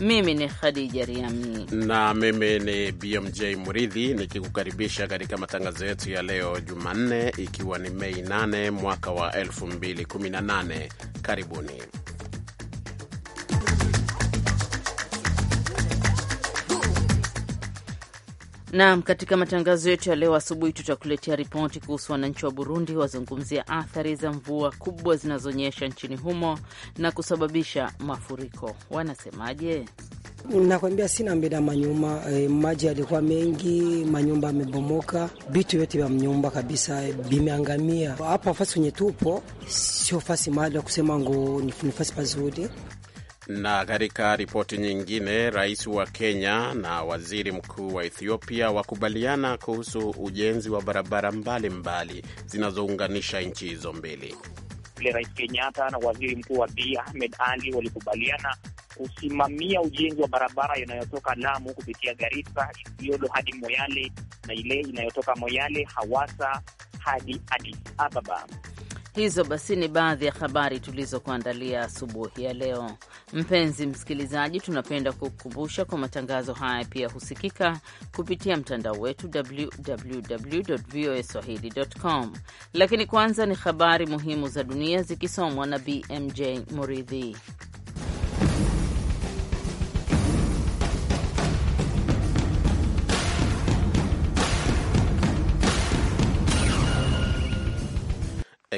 Mimi ni Khadija Riami na mimi ni BMJ Muridhi nikikukaribisha katika matangazo yetu ya leo Jumanne, ikiwa ni Mei 8 mwaka wa 2018. Karibuni. Naam, katika matangazo yetu ya leo asubuhi tutakuletea ripoti kuhusu wananchi wa Burundi wazungumzia athari za mvua kubwa zinazonyesha nchini humo na kusababisha mafuriko. Wanasemaje? Nakwambia sina mbele ya manyuma e, maji yalikuwa mengi, manyumba yamebomoka, vitu vyote vya mnyumba kabisa eh, vimeangamia. Hapa fasi wenye tupo sio fasi mahali ya kusema ngu ni fasi pazuri. Na katika ripoti nyingine, rais wa Kenya na waziri mkuu wa Ethiopia wakubaliana kuhusu ujenzi wa barabara mbalimbali zinazounganisha nchi hizo mbili. Vile Rais Kenyatta na waziri mkuu wa Abiy Ahmed Ali walikubaliana kusimamia ujenzi wa barabara inayotoka Lamu kupitia Garissa, Isiolo hadi Moyale na ile inayotoka Moyale, hawasa hadi Addis Ababa. Hizo basi ni baadhi ya habari tulizokuandalia asubuhi ya leo. Mpenzi msikilizaji, tunapenda kukumbusha kwa matangazo haya pia husikika kupitia mtandao wetu www voa swahili.com. Lakini kwanza ni habari muhimu za dunia zikisomwa na BMJ Muridhi.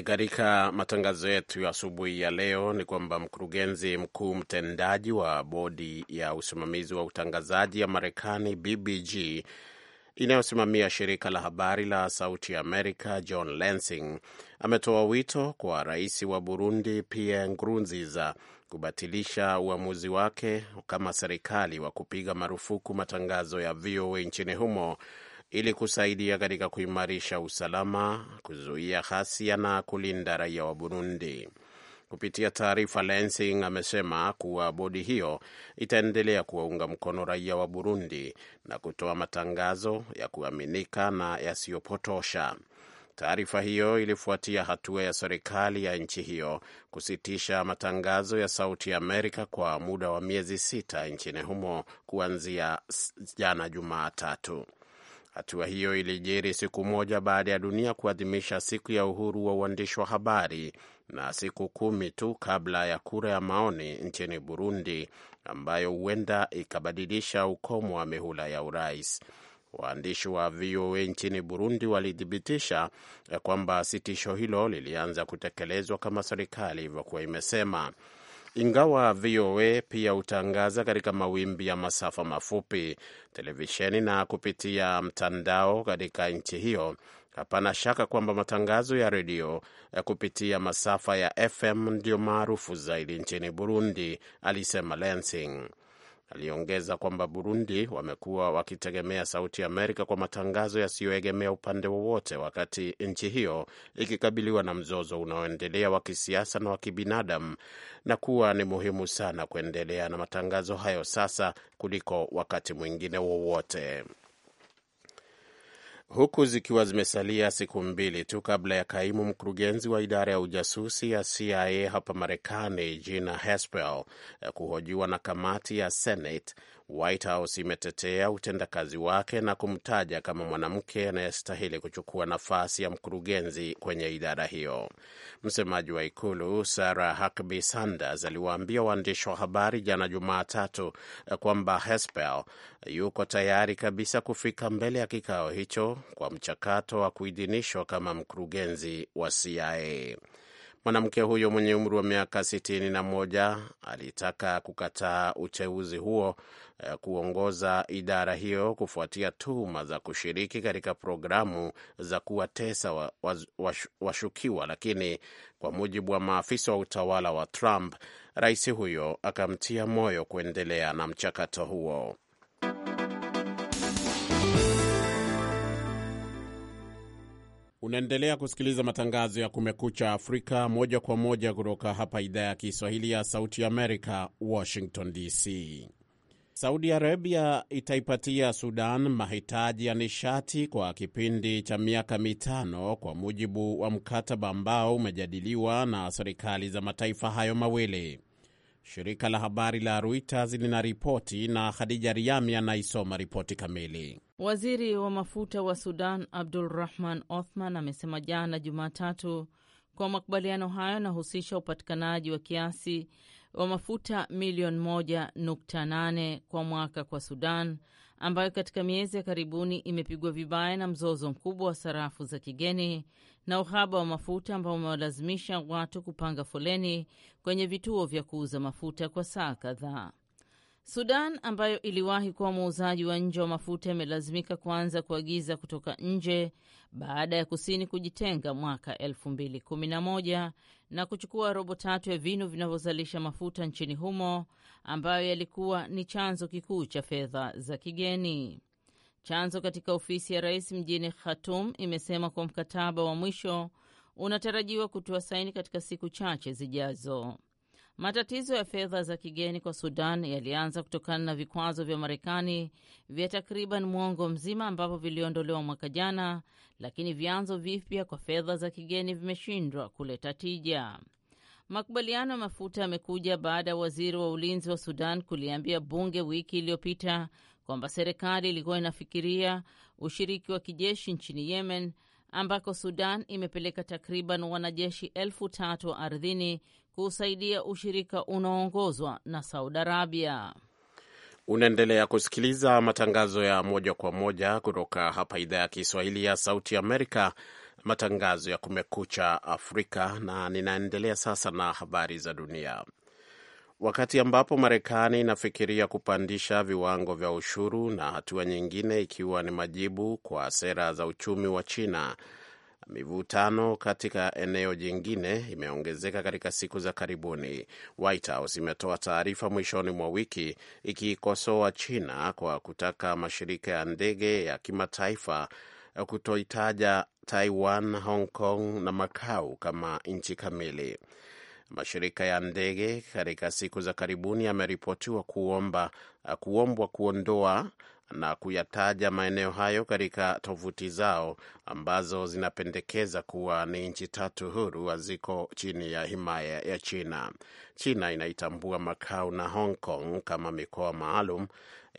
Katika matangazo yetu ya asubuhi ya leo ni kwamba mkurugenzi mkuu mtendaji wa bodi ya usimamizi wa utangazaji ya Marekani, BBG, inayosimamia shirika la habari la Sauti ya Amerika, John Lansing, ametoa wito kwa rais wa Burundi Pierre Nkurunziza kubatilisha uamuzi wake kama serikali wa kupiga marufuku matangazo ya VOA nchini humo ili kusaidia katika kuimarisha usalama, kuzuia ghasia na kulinda raia wa Burundi. Kupitia taarifa, Lensing amesema kuwa bodi hiyo itaendelea kuwaunga mkono raia wa Burundi na kutoa matangazo ya kuaminika na yasiyopotosha. Taarifa hiyo ilifuatia hatua ya serikali ya nchi hiyo kusitisha matangazo ya Sauti ya Amerika kwa muda wa miezi sita nchini humo kuanzia jana Jumatatu. Hatua hiyo ilijiri siku moja baada ya dunia kuadhimisha siku ya uhuru wa uandishi wa habari na siku kumi tu kabla ya kura ya maoni nchini Burundi ambayo huenda ikabadilisha ukomo wa mihula ya urais. Waandishi wa VOA nchini Burundi walithibitisha kwamba sitisho hilo lilianza kutekelezwa kama serikali ilivyokuwa imesema ingawa VOA pia hutangaza katika mawimbi ya masafa mafupi, televisheni na kupitia mtandao katika nchi hiyo. Hapana shaka kwamba matangazo ya redio eh, kupitia masafa ya FM ndio maarufu zaidi nchini Burundi, alisema Lansing. Aliongeza kwamba Burundi wamekuwa wakitegemea Sauti Amerika kwa matangazo yasiyoegemea upande wowote, wakati nchi hiyo ikikabiliwa na mzozo unaoendelea wa kisiasa na wa kibinadamu, na kuwa ni muhimu sana kuendelea na matangazo hayo sasa kuliko wakati mwingine wowote huku zikiwa zimesalia siku mbili tu kabla ya kaimu mkurugenzi wa idara ya ujasusi ya CIA hapa Marekani Gina Haspel kuhojiwa na kamati ya Senate White House imetetea utendakazi wake na kumtaja kama mwanamke anayestahili kuchukua nafasi ya mkurugenzi kwenye idara hiyo. Msemaji wa ikulu Sarah Huckabee Sanders aliwaambia waandishi wa habari jana Jumatatu kwamba Hespel yuko tayari kabisa kufika mbele ya kikao hicho kwa mchakato wa kuidhinishwa kama mkurugenzi wa CIA. Mwanamke huyo mwenye umri wa miaka moja alitaka kukataa uteuzi huo eh, kuongoza idara hiyo kufuatia tuhuma za kushiriki katika programu za kuwatesa washukiwa wa, wa, wa lakini kwa mujibu wa maafisa wa utawala wa Trump, rais huyo akamtia moyo kuendelea na mchakato huo. Unaendelea kusikiliza matangazo ya Kumekucha Afrika moja kwa moja kutoka hapa idhaa ya Kiswahili ya Sauti Amerika, Washington DC. Saudi Arabia itaipatia Sudan mahitaji ya nishati kwa kipindi cha miaka mitano kwa mujibu wa mkataba ambao umejadiliwa na serikali za mataifa hayo mawili. Shirika la habari la Reuters ripoti na Khadija Riami anaisoma ripoti kamili. Waziri wa mafuta wa Sudan Abdul Rahman Othman amesema jana Jumatatu kwa makubaliano hayo yanahusisha upatikanaji wa kiasi wa mafuta milioni 1.8 kwa mwaka kwa Sudan ambayo katika miezi ya karibuni imepigwa vibaya na mzozo mkubwa wa sarafu za kigeni na uhaba wa mafuta ambao umewalazimisha watu kupanga foleni kwenye vituo vya kuuza mafuta kwa saa kadhaa. Sudan ambayo iliwahi kuwa muuzaji wa nje wa mafuta imelazimika kuanza kuagiza kutoka nje baada ya kusini kujitenga mwaka 2011 na kuchukua robo tatu ya vinu vinavyozalisha mafuta nchini humo ambayo yalikuwa ni chanzo kikuu cha fedha za kigeni. Chanzo katika ofisi ya rais mjini Khartoum imesema kuwa mkataba wa mwisho unatarajiwa kutoa saini katika siku chache zijazo. Matatizo ya fedha za kigeni kwa Sudan yalianza kutokana na vikwazo vya Marekani vya takriban mwongo mzima ambavyo viliondolewa mwaka jana, lakini vyanzo vipya kwa fedha za kigeni vimeshindwa kuleta tija. Makubaliano ya mafuta yamekuja baada ya waziri wa ulinzi wa Sudan kuliambia bunge wiki iliyopita kwamba serikali ilikuwa inafikiria ushiriki wa kijeshi nchini Yemen ambako Sudan imepeleka takriban wanajeshi elfu tatu ardhini kuusaidia ushirika unaoongozwa na Saudi Arabia. Unaendelea kusikiliza matangazo ya moja kwa moja kutoka hapa idhaa ya Kiswahili ya Sauti Amerika, matangazo ya Kumekucha Afrika, na ninaendelea sasa na habari za dunia wakati ambapo Marekani inafikiria kupandisha viwango vya ushuru na hatua nyingine ikiwa ni majibu kwa sera za uchumi wa China. Mivutano katika eneo jingine imeongezeka katika siku za karibuni. White House imetoa taarifa mwishoni mwa wiki ikiikosoa China kwa kutaka mashirika ya ndege ya kimataifa kutoitaja Taiwan, Hong Kong na Macau kama nchi kamili. Mashirika ya ndege katika siku za karibuni yameripotiwa kuomba kuombwa kuondoa na kuyataja maeneo hayo katika tovuti zao ambazo zinapendekeza kuwa ni nchi tatu huru haziko chini ya himaya ya China. China inaitambua makao na Hong Kong kama mikoa maalum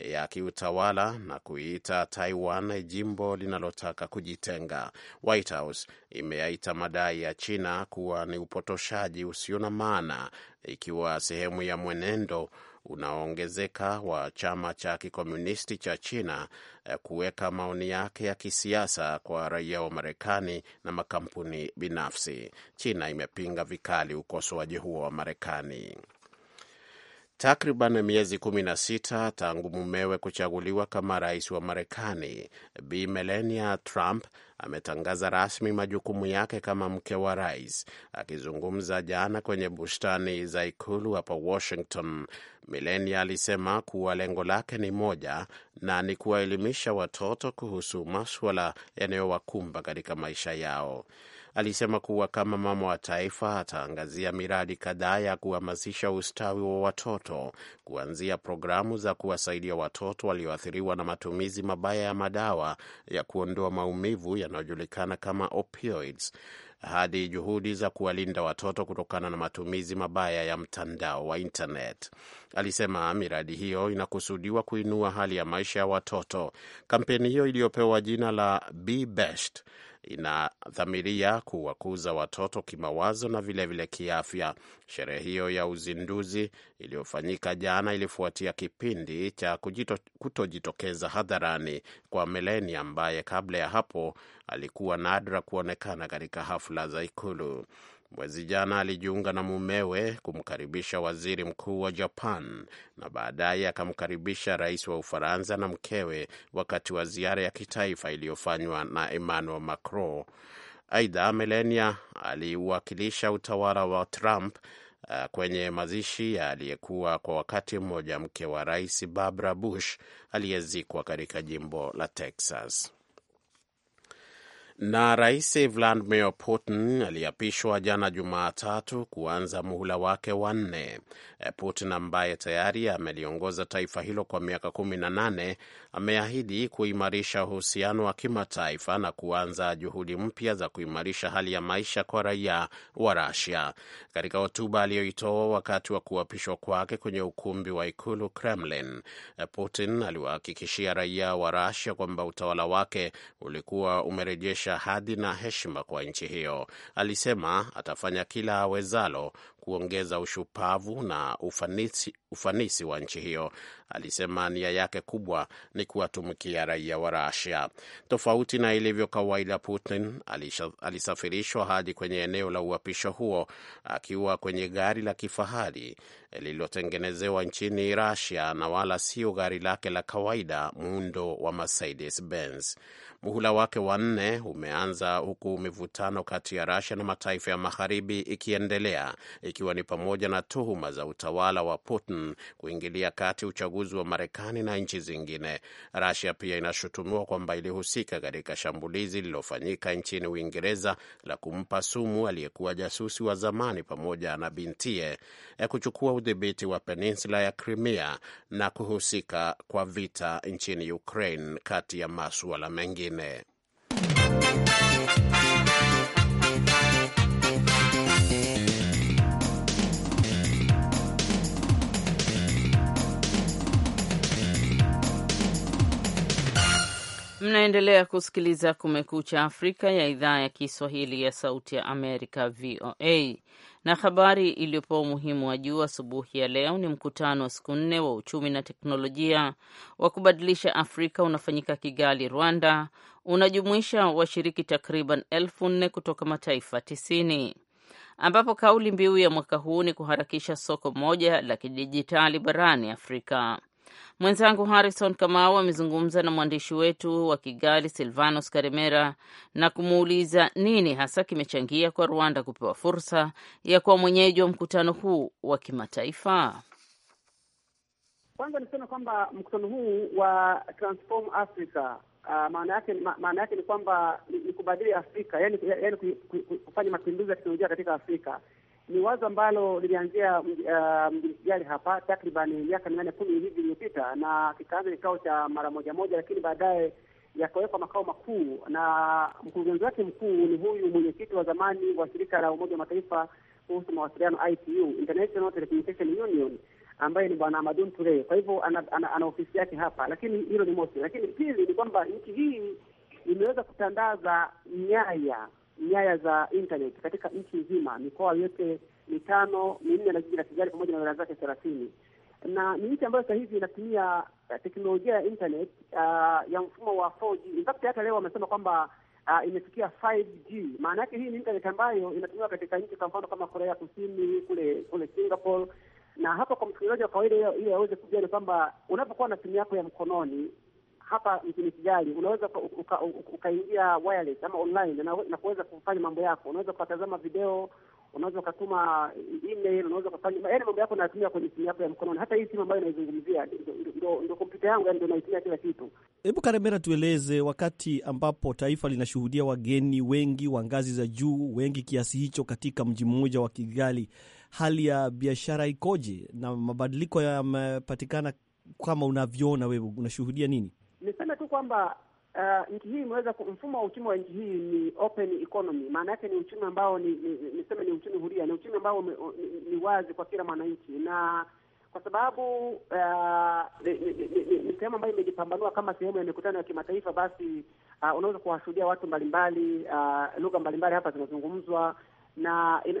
ya kiutawala na kuiita Taiwan jimbo linalotaka kujitenga. White House imeyaita madai ya China kuwa ni upotoshaji usio na maana, ikiwa sehemu ya mwenendo unaoongezeka wa chama cha kikomunisti cha China eh, kuweka maoni yake ya kisiasa kwa raia wa Marekani na makampuni binafsi. China imepinga vikali ukosoaji huo wa Marekani. Takriban miezi kumi na sita tangu mumewe kuchaguliwa kama rais wa Marekani, b Melania Trump ametangaza rasmi majukumu yake kama mke wa rais. Akizungumza jana kwenye bustani za ikulu hapa Washington, Melania alisema kuwa lengo lake ni moja na ni kuwaelimisha watoto kuhusu maswala yanayowakumba katika maisha yao alisema kuwa kama mama wa taifa ataangazia miradi kadhaa ya kuhamasisha ustawi wa watoto kuanzia programu za kuwasaidia watoto walioathiriwa na matumizi mabaya ya madawa ya kuondoa maumivu yanayojulikana kama opioids hadi juhudi za kuwalinda watoto kutokana na matumizi mabaya ya mtandao wa internet. Alisema miradi hiyo inakusudiwa kuinua hali ya maisha ya watoto. Kampeni hiyo iliyopewa jina la Be Best inadhamiria kuwakuza watoto kimawazo na vilevile vile kiafya. Sherehe hiyo ya uzinduzi iliyofanyika jana ilifuatia kipindi cha kutojitokeza hadharani kwa Meleni ambaye kabla ya hapo alikuwa nadra kuonekana katika hafla za Ikulu. Mwezi jana alijiunga na mumewe kumkaribisha waziri mkuu wa Japan na baadaye akamkaribisha rais wa Ufaransa na mkewe wakati wa ziara ya kitaifa iliyofanywa na Emmanuel Macron. Aidha, Melania aliuwakilisha utawala wa Trump uh, kwenye mazishi ya aliyekuwa kwa wakati mmoja mke wa rais Barbara Bush aliyezikwa katika jimbo la Texas. Na Rais Vladimir Putin aliapishwa jana Jumatatu kuanza muhula wake wa nne. Eh, Putin ambaye tayari ameliongoza taifa hilo kwa miaka kumi na nane ameahidi kuimarisha uhusiano wa kimataifa na kuanza juhudi mpya za kuimarisha hali ya maisha kwa raia wa rusia Katika hotuba aliyoitoa wakati wa kuapishwa kwake kwenye ukumbi wa ikulu Kremlin, eh, Putin aliwahakikishia raia wa rusia kwamba utawala wake ulikuwa umerejesha kurejesha hadhi na heshima kwa nchi hiyo. Alisema atafanya kila awezalo kuongeza ushupavu na ufanisi, ufanisi wa nchi hiyo. Alisema nia yake kubwa ni kuwatumikia raia wa Rasia. Tofauti na ilivyo kawaida, Putin alisafirishwa hadi kwenye eneo la uhapisho huo akiwa kwenye gari la kifahari lililotengenezewa nchini Rasia na wala sio gari lake la kawaida, muundo wa Mercedes Benz. Muhula wake wa nne umeanza huku mivutano kati ya Rasia na mataifa ya magharibi ikiendelea iki ikiwa ni pamoja na tuhuma za utawala wa Putin kuingilia kati uchaguzi wa Marekani na nchi zingine. rusia pia inashutumiwa kwamba ilihusika katika shambulizi lililofanyika nchini Uingereza la kumpa sumu aliyekuwa jasusi wa zamani pamoja na bintie ya eh, kuchukua udhibiti wa peninsula ya Crimea na kuhusika kwa vita nchini Ukraine kati ya masuala mengine. Mnaendelea kusikiliza Kumekucha Afrika ya idhaa ya Kiswahili ya Sauti ya Amerika, VOA. Na habari iliyopewa umuhimu wa juu asubuhi ya leo ni mkutano wa siku nne wa uchumi na teknolojia wa kubadilisha Afrika unafanyika Kigali, Rwanda. Unajumuisha washiriki takriban elfu nne kutoka mataifa tisini ambapo kauli mbiu ya mwaka huu ni kuharakisha soko moja la kidijitali barani Afrika. Mwenzangu Harrison Kamau amezungumza na mwandishi wetu wa Kigali Silvanos Karemera na kumuuliza nini hasa kimechangia kwa Rwanda kupewa fursa ya kuwa mwenyeji wa mkutano huu wa kimataifa. Kwanza niseme kwamba mkutano huu wa Transform Africa uh, maana yake maana yake ni kwamba ni kubadili Afrika, yani, yani kufanya mapinduzi ya teknolojia katika Afrika ni wazo ambalo lilianzia mjini uh, Kigali hapa takriban miaka minane kumi hivi iliyopita, na kikaanza kikao cha mara moja moja, lakini baadaye yakawekwa makao makuu, na mkurugenzi wake mkuu ni huyu mwenyekiti wa zamani wa shirika la Umoja wa Mataifa kuhusu mawasiliano ITU, International Telecommunication Union, ambaye ni bwana Amadun Ture. Kwa hivyo ana, ana, ana, ofisi yake hapa, lakini hilo ni mosi. Lakini pili ni kwamba nchi hii imeweza kutandaza nyaya nyaya za internet katika nchi nzima, mikoa yote mitano minne na jiji la Kigali pamoja na wilaya zake thelathini, na ni nchi ambayo sasa hivi inatumia uh, teknolojia ya internet uh, ya mfumo wa 4G. In fact hata leo wamesema kwamba uh, imefikia 5G. Maana yake hii ni internet ambayo inatumiwa katika nchi kwa mfano kama Korea Kusini, kule kule Singapore. Na hapa kwa mtumiaji wa kawaida, ile aweze kujua ni kwamba unapokuwa na simu yako ya mkononi hapa nchini Kigali unaweza ukaingia uka, uka wireless ama online na kuweza kufanya mambo yako. Unaweza ukatazama video, unaweza ukatuma email, unaweza ukafanya yaani mambo yako unayatumia kwenye simu yako ya mkononi. Hata hii simu ambayo inaizungumzia ndio kompyuta yangu, yaani ndio naitumia kila kitu. Hebu Karemera, tueleze wakati ambapo taifa linashuhudia wageni wengi wa ngazi za juu wengi kiasi hicho katika mji mmoja wa Kigali, hali ya biashara ikoje na mabadiliko yamepatikana kama unavyoona wewe, unashuhudia nini? niseme tu kwamba uh, nchi hii imeweza, mfumo wa uchumi wa nchi hii ni open economy. Maana yake ni uchumi ambao ni, ni niseme ni uchumi huria, ni uchumi ambao ni, ni wazi kwa kila mwananchi, na kwa sababu uh, ni, ni, ni, ni sehemu ambayo imejipambanua kama sehemu ya mikutano ya kimataifa, basi uh, unaweza kuwashuhudia watu mbalimbali uh, lugha mbalimbali hapa zinazungumzwa na, na,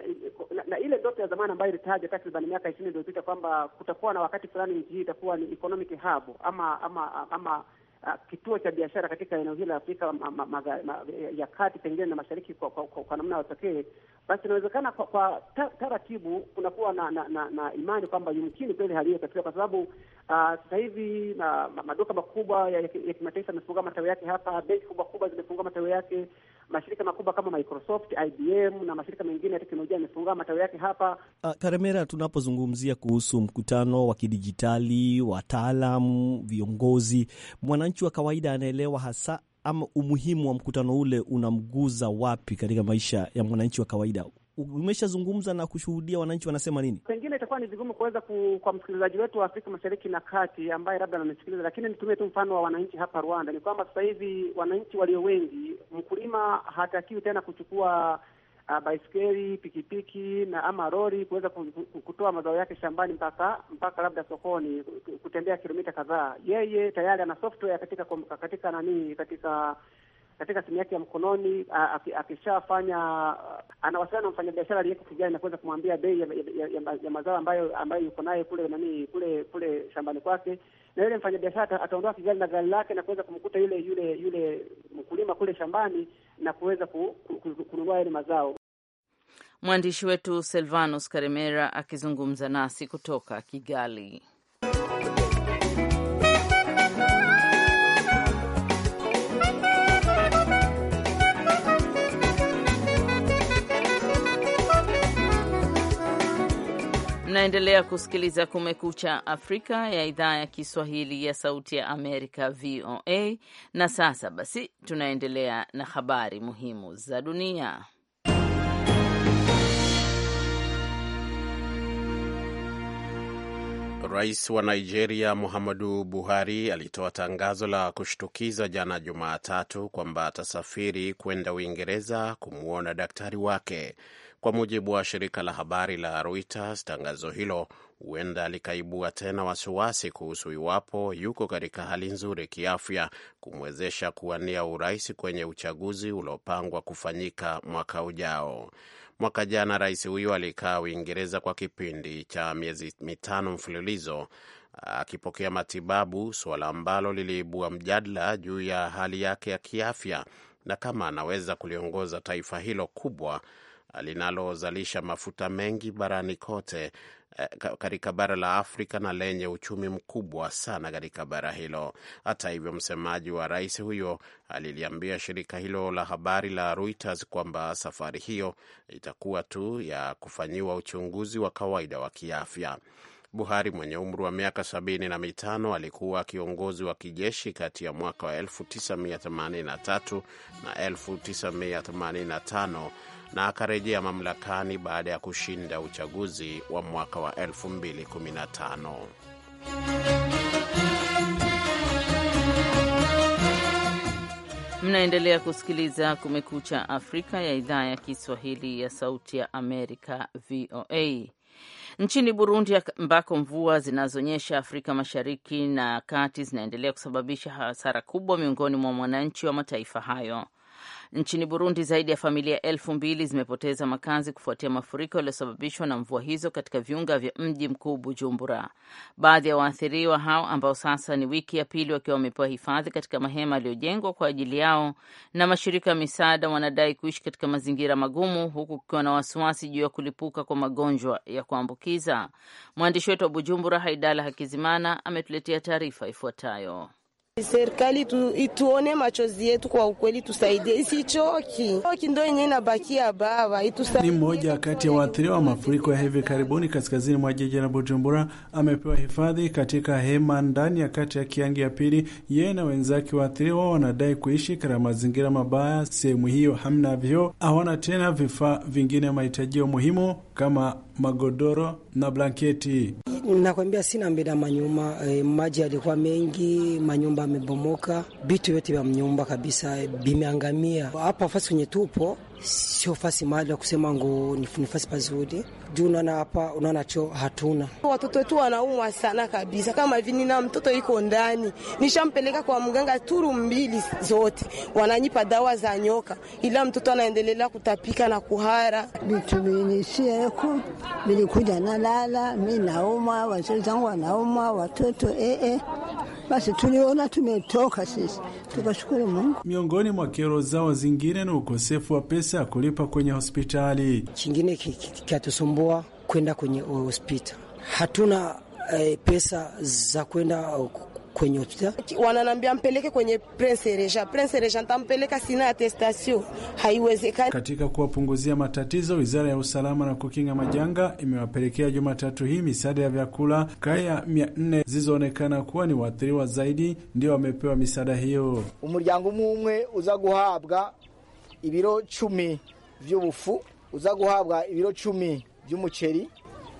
na, na ile ndoto ya zamani ambayo ilitaja takriban miaka ishirini iliyopita kwamba kutakuwa na wakati fulani nchi hii itakuwa ni economic hub ama ama ama Ah, kituo cha biashara katika eneo hili la Afrika ma, ma, ma, ma, ya kati pengine na mashariki kwa, kwa, kwa, kwa namna ya pekee, basi inawezekana kwa, kwa taratibu kunakuwa na, na, na, na imani kwamba yumkini kweli hali hiyo katika, kwa sababu uh, sasa hivi na maduka makubwa ya, ya, ya kimataifa yamefunga matawi yake hapa, benki kubwa kubwa zimefunga matawi yake, mashirika makubwa kama Microsoft, IBM na mashirika mengine ya teknolojia yamefunga matawi yake hapa. Uh, Karemera, tunapozungumzia kuhusu mkutano wa kidijitali, wataalamu, viongozi, mwana mwananchi wa kawaida anaelewa hasa ama umuhimu wa mkutano ule unamguza wapi katika maisha ya mwananchi wa kawaida? Umeshazungumza na kushuhudia wananchi wanasema nini? Pengine itakuwa ni vigumu kuweza ku, kwa msikilizaji wetu wa Afrika Mashariki na Kati ambaye labda ananisikiliza, lakini nitumie tu mfano wa wananchi hapa Rwanda. Ni kwamba sasa hivi wananchi walio wengi, mkulima hatakiwi tena kuchukua uh, ah, baiskeli, pikipiki na ama lori kuweza kutoa mazao yake shambani mpaka mpaka labda sokoni, kutembea kilomita kadhaa. Yeye tayari ana software katika katika nani katika katika simu yake ya mkononi akishafanya, anawasiliana na mfanyabiashara aliyeko kijani na kuweza kumwambia bei ya, ya, ya, ya mazao ambayo ambayo yuko naye kule nani kule kule shambani kwake, na yule mfanyabiashara ataondoa kijani na gari lake na kuweza kumkuta yule yule yule mkulima kule shambani na kuweza kununua yale mazao. Mwandishi wetu Silvanus Karemera akizungumza nasi kutoka Kigali. Mnaendelea kusikiliza Kumekucha Afrika ya idhaa ya Kiswahili ya Sauti ya Amerika, VOA. Na sasa basi, tunaendelea na habari muhimu za dunia. Rais wa Nigeria Muhammadu Buhari alitoa tangazo la kushtukiza jana Jumatatu kwamba atasafiri kwenda Uingereza kumwona daktari wake. Kwa mujibu wa shirika la habari la Reuters, tangazo hilo huenda likaibua tena wasiwasi kuhusu iwapo yuko katika hali nzuri kiafya kumwezesha kuwania urais kwenye uchaguzi uliopangwa kufanyika mwaka ujao. Mwaka jana rais huyo alikaa Uingereza kwa kipindi cha miezi mitano mfululizo akipokea matibabu, suala ambalo liliibua mjadala juu ya hali yake ya kiafya na kama anaweza kuliongoza taifa hilo kubwa linalozalisha mafuta mengi barani kote eh, katika bara la Afrika na lenye uchumi mkubwa sana katika bara hilo. Hata hivyo, msemaji wa rais huyo aliliambia shirika hilo la habari la Reuters kwamba safari hiyo itakuwa tu ya kufanyiwa uchunguzi wa kawaida wa kiafya. Buhari mwenye umri wa miaka sabini na mitano alikuwa kiongozi wa kijeshi kati ya mwaka wa 1983 na 1985 na akarejea mamlakani baada ya kushinda uchaguzi wa mwaka wa 2015. Mnaendelea kusikiliza Kumekucha Afrika ya idhaa ya Kiswahili ya Sauti ya Amerika, VOA. Nchini Burundi ambako mvua zinazonyesha Afrika Mashariki na Kati zinaendelea kusababisha hasara kubwa miongoni mwa mwananchi wa mataifa hayo. Nchini Burundi, zaidi ya familia elfu mbili zimepoteza makazi kufuatia mafuriko yaliyosababishwa na mvua hizo katika viunga vya mji mkuu Bujumbura. Baadhi ya waathiriwa hao ambao sasa ni wiki ya pili wakiwa wamepewa hifadhi katika mahema yaliyojengwa kwa ajili yao na mashirika ya misaada, wanadai kuishi katika mazingira magumu, huku kukiwa na wasiwasi juu ya kulipuka kwa magonjwa ya kuambukiza. Mwandishi wetu wa Bujumbura, Haidala Hakizimana, ametuletea taarifa ifuatayo. Serikali tu, ituone machozi yetu kwa ukweli, tusaidie, isichoki choki, ndo yenye inabakia baba. Ni mmoja kati ya waathiriwa wa mafuriko ya hivi karibuni kaskazini mwa jiji la Bujumbura, amepewa hifadhi katika hema ndani ya kati ya kiangi ya pili. Yeye na wenzake waathiriwa wanadai kuishi katika mazingira mabaya. Sehemu hiyo hamna vyoo, hawana tena vifaa vingine mahitajio muhimu kama magodoro na blanketi. Nakwambia sina mbele manyuma e, maji yalikuwa mengi, manyumba yamebomoka, vitu vyote vya mnyumba kabisa eh, vimeangamia. Hapa fasi kwenye tupo sio fasi mahali ya kusema ngo ni fasi pazuri juu unaona hapa, unaona cho hatuna. Watoto wetu wanaumwa sana kabisa, kama hivi nina mtoto iko ndani, nishampeleka kwa mganga turu mbili zote, wananyipa dawa za nyoka, ila mtoto anaendelea kutapika na kuhara. Vituminishieko vilikuja nalala, mi naumwa, wazee zangu wanaumwa, watoto ee basi tuliona tumetoka sisi, tukashukuru Mungu. Miongoni mwa kero zao zingine ni ukosefu wa pesa ya kulipa kwenye hospitali. Chingine kikatusumbua kwenda kwenye hospitali, hatuna eh, pesa za kwenda uh, kwenye hospitali. Wananambia mpeleke kwenye Prince Reja. Prince Reja ntampeleka, sina atestasio, haiwezekani. Katika kuwapunguzia matatizo, wizara ya usalama na kukinga majanga imewapelekea Jumatatu hii misaada ya vyakula. Kaya mia nne zilizoonekana kuwa ni waathiriwa zaidi ndio wamepewa misaada hiyo. umuryango umwe uza guhabwa ibiro chumi vy'ubufu uza guhabwa ibiro chumi vy'umuceri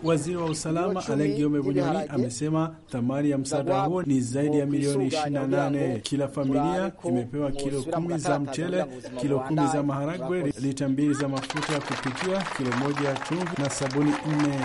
Waziri wa usalama Alain Guillaume Bunyoni amesema thamani ya msaada huo ni zaidi ya milioni 28. Kila familia imepewa kilo kumi za mchele, kilo kumi za maharagwe, lita mbili za mafuta ya kupikia, kilo moja ya chumvi na sabuni nne.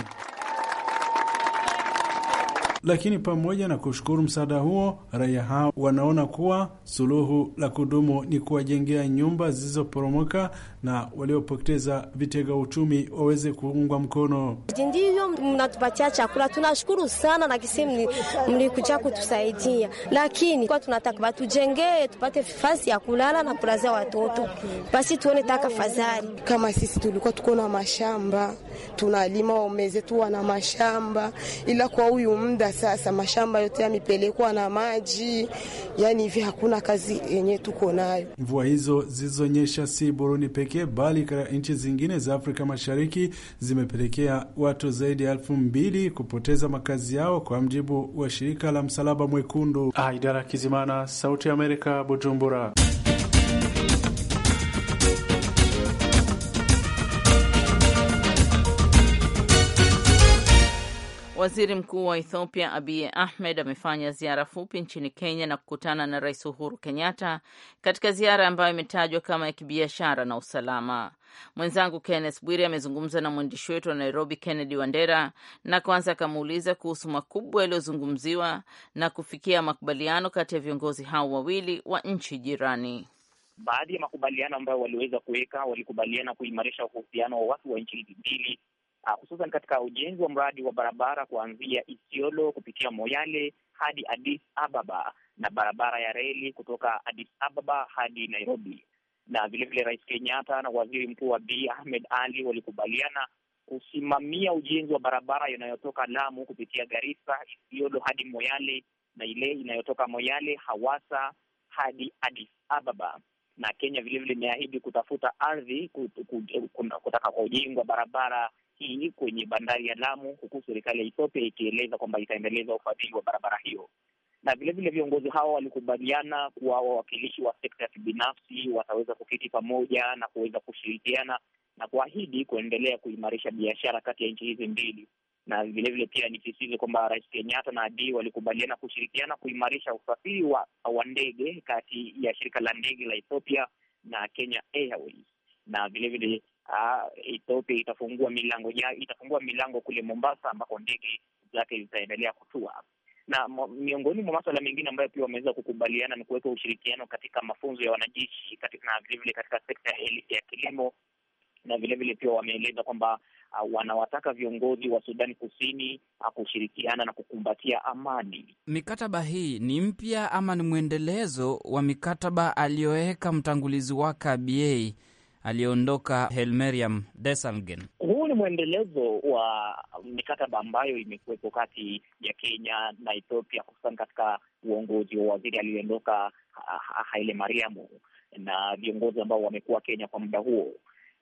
Lakini pamoja na kushukuru msaada huo, raia hao wanaona kuwa suluhu la kudumu ni kuwajengea nyumba zilizoporomoka na waliopoteza vitega uchumi waweze kuungwa mkono. Ndivyo mnatupatia chakula, tunashukuru sana, na kisehemu mlikuja kutusaidia, lakini kwa tunataka batujengee tupate fasi ya kulala na kulazia watoto, basi tuone taka fadhali. Kama sisi tulikuwa tuko na mashamba tunalima, wamezetu wana mashamba, ila kwa huyu muda sasa mashamba yote yamepelekwa na maji, yani hivi hakuna kazi yenye tuko nayo. Mvua hizo zilizonyesha si Buruni peke pekee, bali nchi zingine za Afrika Mashariki zimepelekea watu zaidi ya elfu mbili kupoteza makazi yao, kwa mjibu wa shirika la Msalaba Mwekundu. Aidara ah, Kizimana, Sauti ya Amerika, Bujumbura. Waziri Mkuu wa Ethiopia Abiy Ahmed amefanya ziara fupi nchini Kenya na kukutana na Rais Uhuru Kenyatta katika ziara ambayo imetajwa kama ya kibiashara na usalama. Mwenzangu Kenneth Bwiri amezungumza na mwandishi wetu wa Nairobi Kennedy Wandera na kwanza akamuuliza kuhusu makubwa yaliyozungumziwa na kufikia makubaliano kati ya viongozi hao wawili wa nchi jirani. Baadhi ya makubaliano ambayo waliweza kuweka, walikubaliana kuimarisha uhusiano wa watu wa nchi hizi mbili Ah, hususan uh, katika ujenzi wa mradi wa barabara kuanzia Isiolo kupitia Moyale hadi Addis Ababa na barabara ya reli kutoka Addis Ababa hadi Nairobi. Na vilevile Rais Kenyatta na Waziri Mkuu wa Abiy Ahmed Ali walikubaliana kusimamia ujenzi wa barabara inayotoka Lamu kupitia Garissa, Isiolo hadi Moyale na ile inayotoka Moyale, hawasa hadi Addis Ababa. Na Kenya vilevile imeahidi kutafuta ardhi kutaka kwa barabara hii kwenye bandari ya Lamu, huku serikali ya Ethiopia ikieleza kwamba itaendeleza ufadhili wa barabara hiyo. Na vilevile viongozi hao walikubaliana kuwa wawakilishi wa sekta ya kibinafsi wataweza kuketi pamoja na kuweza kushirikiana na kuahidi kuendelea kuimarisha biashara kati ya nchi hizi mbili. Na vilevile pia nisisitize kwamba Rais Kenyatta na Abiy walikubaliana kushirikiana kuimarisha usafiri wa, wa ndege kati ya shirika la ndege la Ethiopia na Kenya Airways na vilevile Ah, Ethiopia itafungua milango ya, itafungua milango kule Mombasa ambako ndege zake zitaendelea kutua na miongoni mwa maswala mengine ambayo pia wameweza kukubaliana ni kuweka ushirikiano katika mafunzo ya wanajeshi na vilevile katika sekta ya kilimo, na vilevile pia wameeleza kwamba uh, wanawataka viongozi wa Sudani Kusini uh, kushirikiana na kukumbatia amani. Mikataba hii ni mpya ama ni mwendelezo wa mikataba aliyoweka mtangulizi wake Abiy aliyeondoka Helmeriam Desalgen. Huu ni mwendelezo wa mikataba ambayo imekuwepo kati ya Kenya na Ethiopia, hususan katika uongozi wa waziri aliyoondoka ah, ah, mariamu na viongozi ambao wamekuwa Kenya kwa muda huo.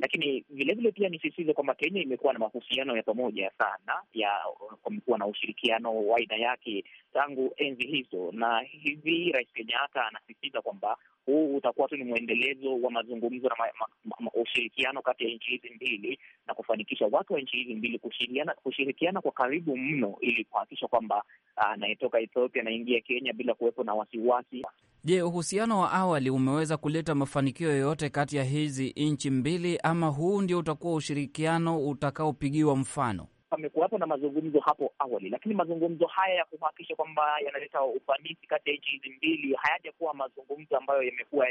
Lakini vilevile pia nisisitize kwamba Kenya imekuwa na mahusiano ya pamoja sana ya kumekuwa na ushirikiano wa aina yake tangu enzi hizo, na hivi Rais Kenyatta anasisitiza kwamba huu utakuwa tu ni mwendelezo wa mazungumzo na ma, ma, ma, ma, ushirikiano kati ya nchi hizi mbili na kufanikisha watu wa nchi hizi mbili kushirikiana, kushirikiana kwa karibu mno ili kuhakikisha kwamba anayetoka Ethiopia anaingia Kenya bila kuwepo na wasiwasi. Je, uhusiano wa awali umeweza kuleta mafanikio yoyote kati ya hizi nchi mbili, ama huu ndio utakuwa ushirikiano utakaopigiwa mfano? Pamekuwapo na mazungumzo hapo awali, lakini mazungumzo haya ya kuhakikisha kwamba yanaleta ufanisi kati ya nchi hizi mbili hayajakuwa mazungumzo ambayo yamekuwa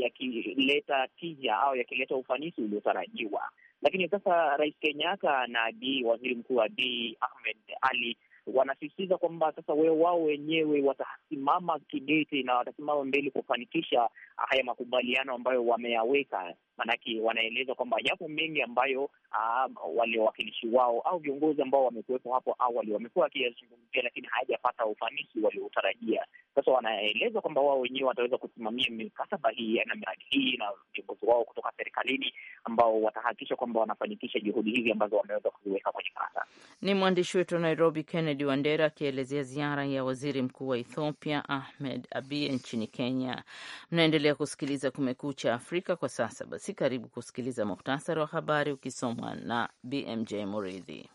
yakileta ah, ya, ya tija au yakileta ufanisi uliotarajiwa. Lakini sasa Rais Kenyatta na d waziri mkuu wa d Ahmed Ali wanasisitiza kwamba sasa wewe wao wenyewe watasimama kidete na watasimama mbele kufanikisha haya makubaliano ambayo wameyaweka maanake wanaeleza kwamba yapo mengi ambayo uh, um, waliowakilishi wao au viongozi ambao wamekuwepo hapo awali wamekuwa wakiyazungumzia, lakini hayajapata ufanisi waliotarajia. Sasa wanaeleza kwamba wao wenyewe wataweza kusimamia mikataba hii na miradi hii na viongozi wao kutoka serikalini ambao watahakikisha kwamba wanafanikisha juhudi hizi ambazo wameweza kuziweka kwenye kata. Ni mwandishi wetu wa Nairobi, Kennedy Wandera, akielezea ziara ya waziri mkuu wa Ethiopia Ahmed Abiy nchini Kenya. Mnaendelea kusikiliza Kumekucha Afrika kwa sasa basi si karibu kusikiliza muhtasari wa habari ukisomwa na BMJ Muridhi.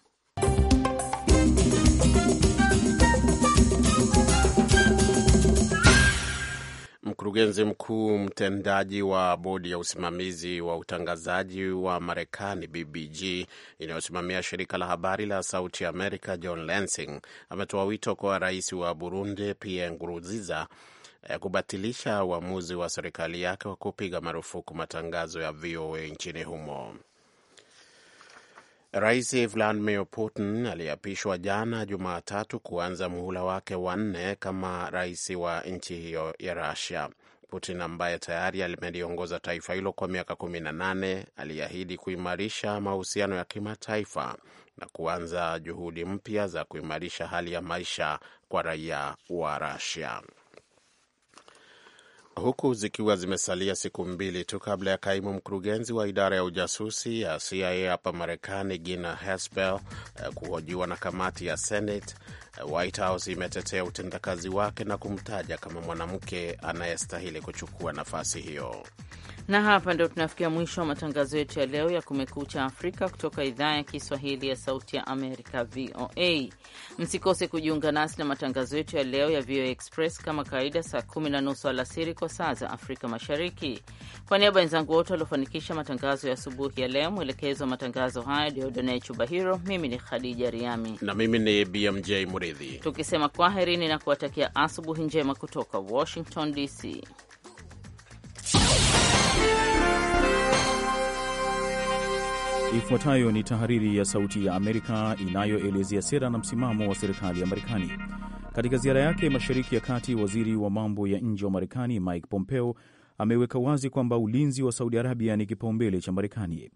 Mkurugenzi mkuu mtendaji wa bodi ya usimamizi wa utangazaji wa Marekani, BBG, inayosimamia shirika la habari la Sauti Amerika, John Lansing ametoa wito kwa rais wa Burundi Pierre Nkurunziza kubatilisha uamuzi wa serikali yake wa kupiga marufuku matangazo ya VOA nchini humo. Rais Vladimir Putin aliapishwa jana Jumatatu kuanza muhula wake wa nne kama rais wa nchi hiyo ya rasia Putin ambaye tayari ameliongoza taifa hilo kwa miaka 18 aliahidi kuimarisha mahusiano ya kimataifa na kuanza juhudi mpya za kuimarisha hali ya maisha kwa raia wa rasia huku zikiwa zimesalia siku mbili tu kabla ya kaimu mkurugenzi wa idara ya ujasusi ya CIA hapa Marekani, Gina Haspel eh, kuhojiwa na kamati ya Senate White House imetetea utendakazi wake na kumtaja kama mwanamke anayestahili kuchukua nafasi hiyo. Na hapa ndio tunafikia mwisho wa matangazo yetu ya leo ya Kumekucha Afrika kutoka idhaa ya Kiswahili ya Sauti ya Amerika, VOA. Msikose kujiunga nasi na matangazo yetu ya leo ya VOA Express kama kawaida, saa kumi na nusu alasiri kwa saa za Afrika Mashariki. Kwa niaba wenzangu wote waliofanikisha matangazo ya asubuhi ya leo, mwelekezo wa matangazo haya Diodone Chubahiro, mimi ni Khadija Riami na mimi ni BMJ Muri. Mridhi, tukisema kwaherini na kuwatakia asubuhi njema kutoka Washington DC. Ifuatayo ni tahariri ya Sauti ya Amerika inayoelezea sera na msimamo wa serikali ya Marekani. Katika ziara yake Mashariki ya Kati, waziri wa mambo ya nje wa Marekani Mike Pompeo ameweka wazi kwamba ulinzi wa Saudi Arabia ni kipaumbele cha Marekani.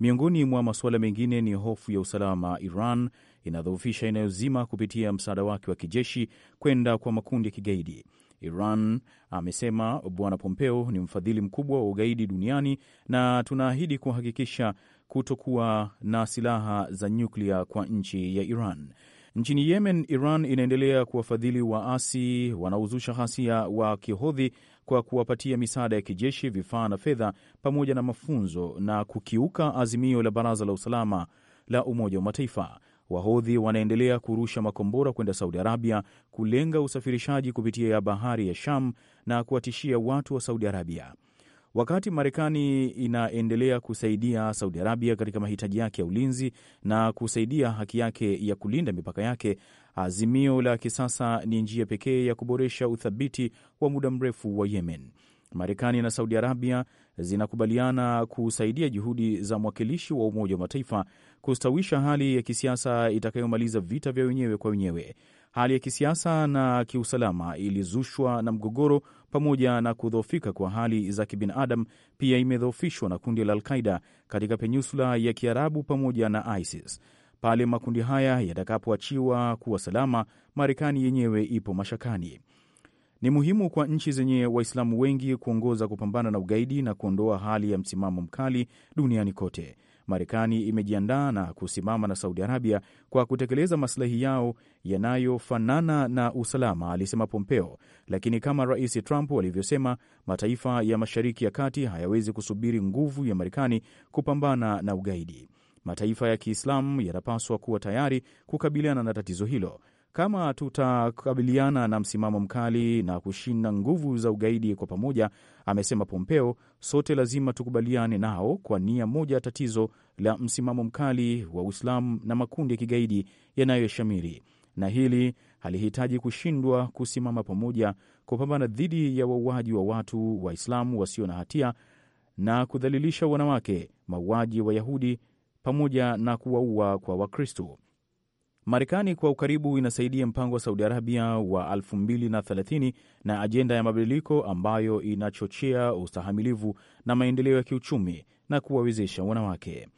Miongoni mwa masuala mengine ni hofu ya usalama Iran inadhoofisha inayozima kupitia msaada wake wa kijeshi kwenda kwa makundi ya kigaidi. Iran, amesema Bwana Pompeo, ni mfadhili mkubwa wa ugaidi duniani na tunaahidi kuhakikisha kutokuwa na silaha za nyuklia kwa nchi ya Iran. Nchini Yemen, Iran inaendelea kuwafadhili waasi wanaozusha ghasia wa Kihodhi kwa kuwapatia misaada ya kijeshi, vifaa na fedha, pamoja na mafunzo na kukiuka azimio la Baraza la Usalama la Umoja wa Mataifa. Wahodhi wanaendelea kurusha makombora kwenda Saudi Arabia kulenga usafirishaji kupitia ya bahari ya Sham na kuwatishia watu wa Saudi Arabia. Wakati Marekani inaendelea kusaidia Saudi Arabia katika mahitaji yake ya ulinzi na kusaidia haki yake ya kulinda mipaka yake, azimio la kisasa ni njia pekee ya kuboresha uthabiti wa muda mrefu wa Yemen. Marekani na Saudi Arabia zinakubaliana kusaidia juhudi za mwakilishi wa Umoja wa Mataifa kustawisha hali ya kisiasa itakayomaliza vita vya wenyewe kwa wenyewe. Hali ya kisiasa na kiusalama ilizushwa na mgogoro pamoja na kudhoofika kwa hali za kibinadamu, pia imedhoofishwa na kundi la Alqaida katika peninsula ya Kiarabu pamoja na ISIS. Pale makundi haya yatakapoachiwa kuwa salama, Marekani yenyewe ipo mashakani. Ni muhimu kwa nchi zenye Waislamu wengi kuongoza kupambana na ugaidi na kuondoa hali ya msimamo mkali duniani kote. Marekani imejiandaa na kusimama na Saudi Arabia kwa kutekeleza maslahi yao yanayofanana na usalama, alisema Pompeo. Lakini kama Rais Trump alivyosema, mataifa ya Mashariki ya Kati hayawezi kusubiri nguvu ya Marekani kupambana na ugaidi. Mataifa ya Kiislamu yanapaswa kuwa tayari kukabiliana na tatizo hilo. Kama tutakabiliana na msimamo mkali na kushinda nguvu za ugaidi kwa pamoja, Amesema Pompeo, sote lazima tukubaliane nao kwa nia moja, tatizo la msimamo mkali wa Uislamu na makundi ya kigaidi yanayoshamiri, na hili halihitaji kushindwa kusimama pamoja kupambana dhidi ya wauaji wa watu Waislamu wasio na hatia na kudhalilisha wanawake, mauaji ya Wayahudi pamoja na kuwaua kwa Wakristo. Marekani kwa ukaribu inasaidia mpango wa Saudi Arabia wa 2030 na ajenda ya mabadiliko ambayo inachochea ustahamilivu na maendeleo ya kiuchumi na kuwawezesha wanawake.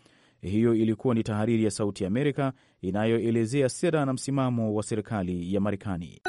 Hiyo ilikuwa ni tahariri ya Sauti ya Amerika inayoelezea sera na msimamo wa serikali ya Marekani.